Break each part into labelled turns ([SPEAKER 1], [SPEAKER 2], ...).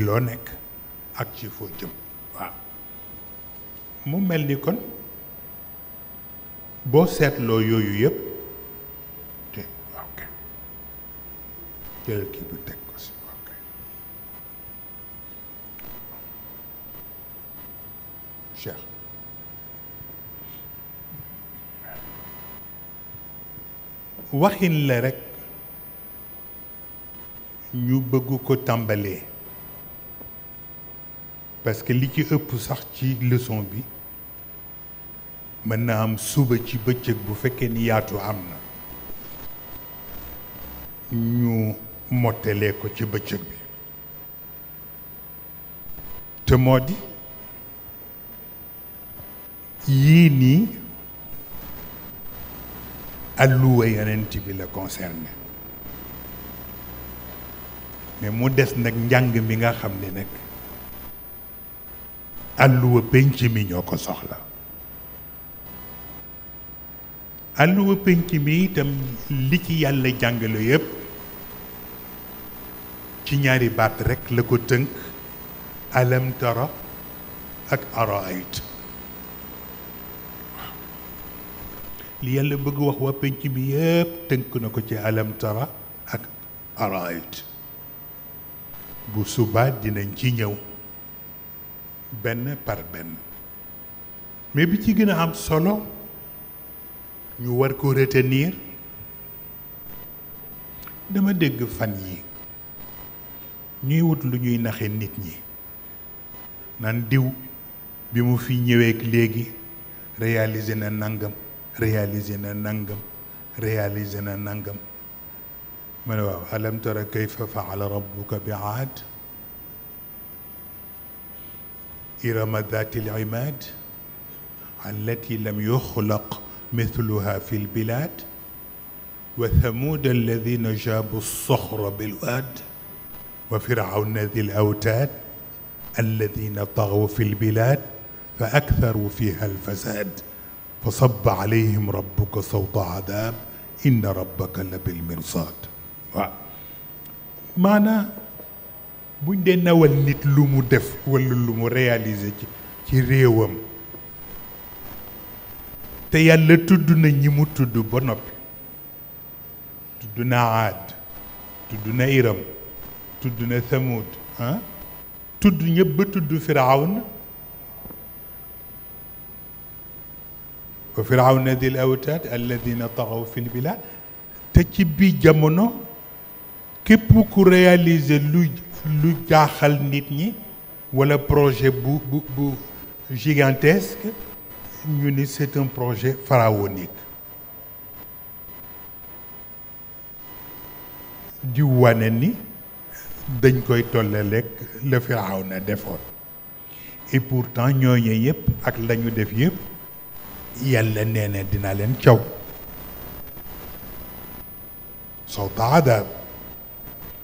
[SPEAKER 1] loo nekk ak ci foo mu mel ni kon boo seetloo yooyu yëpp te ok waxin la rekk ñu bëgg ko tàmbalee parce que li ci ëpp sax ci leçon bi mën na am suba ci bëccëg bu fekkee ni yaatu am na ñu mottalee ko ci bëccëg bi te moo di yii nii alluwa yonent bi la concerné mais mu des nag njàng mi nga xam ne nekk àlluwa penc mi ñoo ko soxla àlluwa penc mi itam li ci yàlla jàngale yépp ci ñaari baat rekk la ko tënk alam ak araayit li yàlla bëgg wax waa penc mi yépp tënk na ko ci alam ak araayit bu subaa dinañ ci ñëw benn par benn mais bi ci gën a am solo ñu war ko retenir dama dégg fan yi ñuy wut lu ñuy naxe nit ñi nan diw bi mu fi ñëweek léegi réalisé na nangam réalisé na nangam réalisé na nangam ma ne waaw alam tara kayfa faala rabbuka bi aad إرم ذات العماد التي لم يخلق مثلها في البلاد وثمود الذين جابوا الصخر بالواد وفرعون ذي الأوتاد الذين طغوا في البلاد فأكثروا فيها الفساد فصب عليهم ربك صوت عذاب إن ربك لبالمرصاد معنى buñ dee nawal nit lu mu def wala lu mu réaliser ci ci réewam te yàlla tudd na ñi mu tudd ba noppi tudd na aad tudd na iram tudd na thamud ah? tudd ñëpp ba tudd firawna wa firawna dil awtaad alladina taxaw fi lbilaad te ci biir jamono képp ku réaliser lu lu jaaxal nit ñi walla projet bu bu bu gigantesque ñu ni c'est un projet pharaonique di wane ni dañ koy tolle lekk la Firawna defoon et pourtant ñooñu yëpp ak lañu def yëpp yàlla nee dina leen caw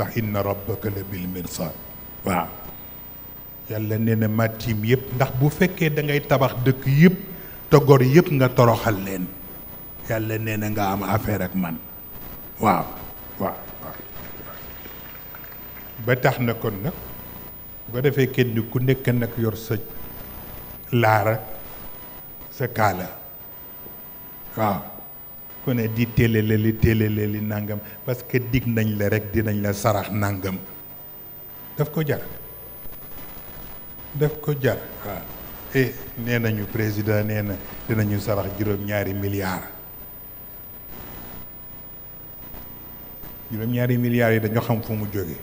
[SPEAKER 1] ndax inna rabbaka la bil mirsad waaw yàlla nee na matim ndax bu fekkee dangay tabax dëkk yépp te yépp nga toroxal leen yàlla nee na nga am affaire ak man waaw waaw ba tax na kon nag bu ko defee kenn ku nekk nag yor sa laara sa kaala waaw ku ne di télélé li télélé li nangam parce que dig nañ la rek dinañ la sarax nangam daf ko jar daf ko jar waaw e nee nañu président nee na dinañu sarax juróom-ñaari milliards juróom-ñaari milliards yi dañoo xam fu mu jóge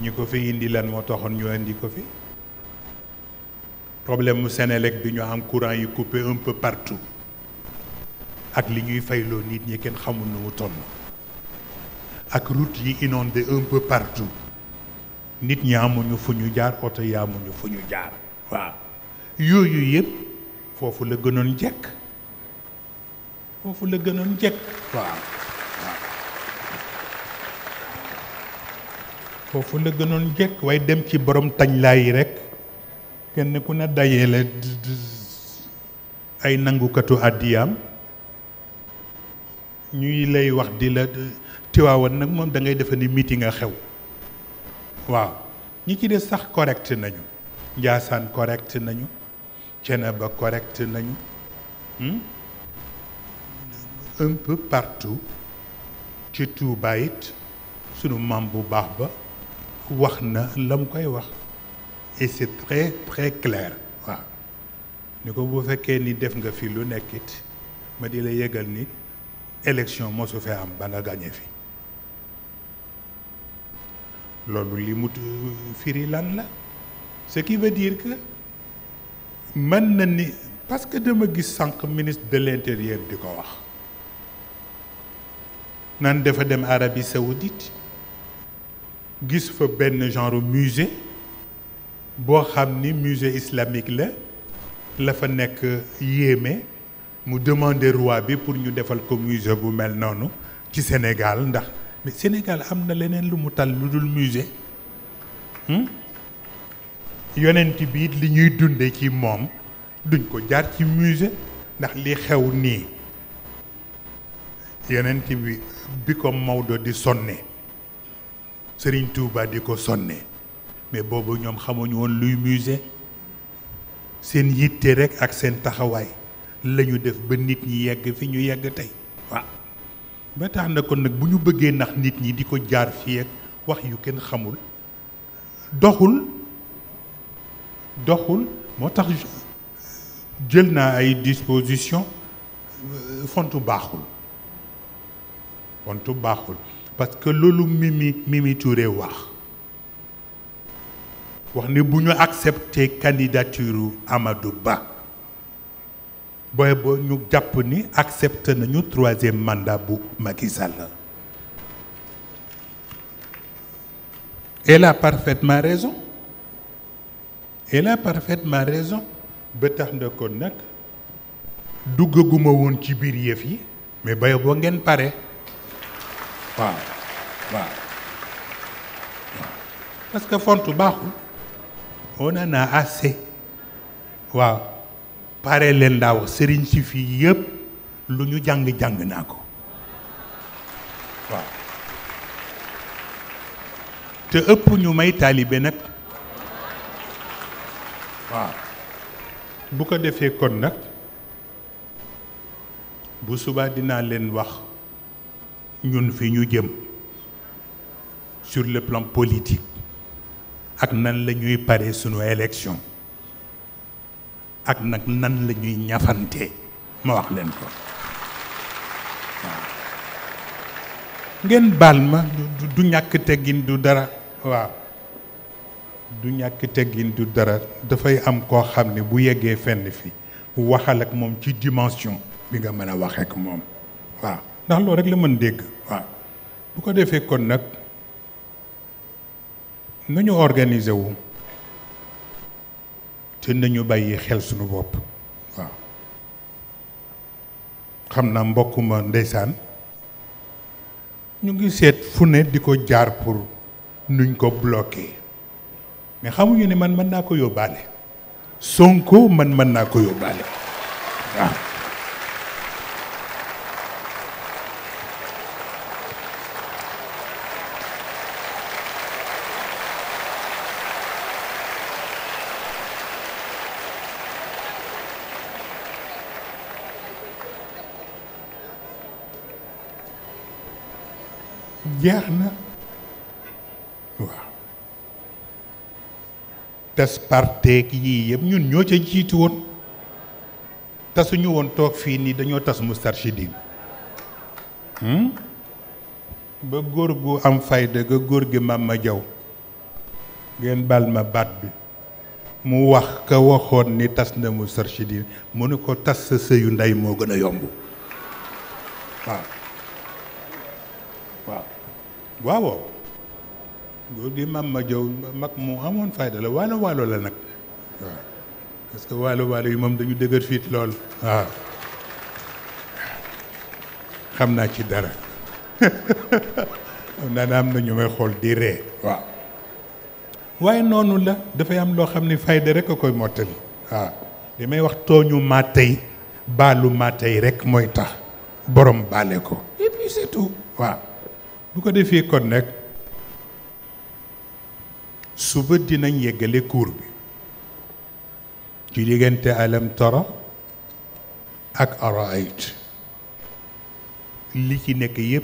[SPEAKER 1] ñi ko fi indi lan moo toxoon ñu indi ko fi problème mu Sénélec bi ñu am courant yi coupé un peu partout ak li ñuy fayloo nit ñi kenn xamul nu mu toll ak route yi inondé un peu partout nit ñi amuñu fu ñu jaar oto yi amuñu fu ñu jaar waaw yooyu yëpp foofu la gënoon jekk foofu la gënoon jekk waaye dem ci borom tañ laa yi rek kenn ku ne dajee la ay nangukatu àddiyam ñuy lay wax di la Tiwaawan nag moom da ngay defe ni meeting a xew waaw ñi ci des sax correct nañu Njaasaan correct nañu Ceneba correct nañu hmm? un peu partout ci Tuubaa it sunu maam bu baax ba wax na la mu koy wax et c'est très très clair waaw ni ko bu fekkee ni def nga fi lu nekkit ma di la yëgal ni élection moo su am ba nga gàñee fi loolu li mu firi lan la ce qui veut dire que mën na ni parce que dama gis sànq ministre de l'intérieur di ko wax nan dafa dem Arabie saoudite gis fa benn genre musée boo xam ni musée islamique la la fa nekk yéeme mu demandé roi bi pour ñu defal ko musée bu mel noonu ci Sénégal ndax mais Sénégal am na leneen lu mu tal lu dul musée hmm? yonent bi li ñuy dunde ci moom duñ ko jaar ci musée ndax li xew nii yonent bi bi ko Maodo di sonne sëriñ Touba di ko sonne mais boobu ñoom xamuñu woon luy musée seen yitte rek ak seen taxawaay la ñu def ba nit ñi yegg fi ñu yegg tey waaw ba tax na kon nag bu ñu bëggee nax nit ñi di ko jaar fii ak wax yu kenn xamul doxul doxul moo tax jël na ay disposition euh, fontu baaxul fontu baaxul parce que loolu Mimi Mimi Touré wax wax ni bu ñu accepter candidature Amadou Ba booy boo ñu ni accepté nañu troisième mandat bu Macky Sall. elle a parfaitement raison elle a parfaitement raison ba duggaguma woon ci biir yëf yi mais booy ngeen pare waaw waaw parce que font baaxul on en a assez waaw. pare leen daaw sëriñ si fii yëpp lu ñu jàng jàng naa ko waaw te ëpp ñu may taalibe nag waaw bu ko defee kon nag bu subaa dinaa leen wax ñun fi ñu jëm sur le plan politique ak nan la ñuy pare sunu élection ak nag nan lañuy ñuy ñafantee ma wax leen ko waaw ngeen baal ma du ñàkk teggin du dara waaw du ñàkk teggin du dara dafay am koo xam ne bu yeggee fenn fi waxal ak moom ci dimension bi nga mën a wax ak moom waaw ndax loolu rek la mën dégg waaw bu ko defee kon nag nañu organiser wu te nañu bàyyi xel suñu bopp waaw xam naa mbokkuma ndeysaan ñu ngi seet fu ne di ko jaar pour nuñ ko bloqué mais xamuñu ni man mën naa ko yóbbaale Sonko man mën naa ko yóbbaale waaw jeex na waaw tas parteek yii yëpp ñun ñoo ca jiitu woon tasuñu woon toog fii nii dañoo tas Moustarchidine hmm? ba góor gu am fayda ga góor gi mam ma jaw ngeen bal ma baat bi mu wax ka waxoon ni tas na Moustarchidine mu ne ko tas sa sëyu ndey moo gën a yomb waaw waaw loolu di maam ma jow mag mu amoon fayda la waalo waalo la nag waaw parce que waalo waalo yi moom dañu dëgër fii lool waaw xam naa ci dara daana am na ñu may xool di ree waaw waaye noonu la dafay am loo xam ni fayda rek a koy mottali waaw li may wax tooñu maa tey baalu maa rek mooy tax borom baale ko et puis c'est tout bu ko defee kon nag suba dinañ yeggale kuur bi ci diggante alam tara ak araayit li ci nekk yépp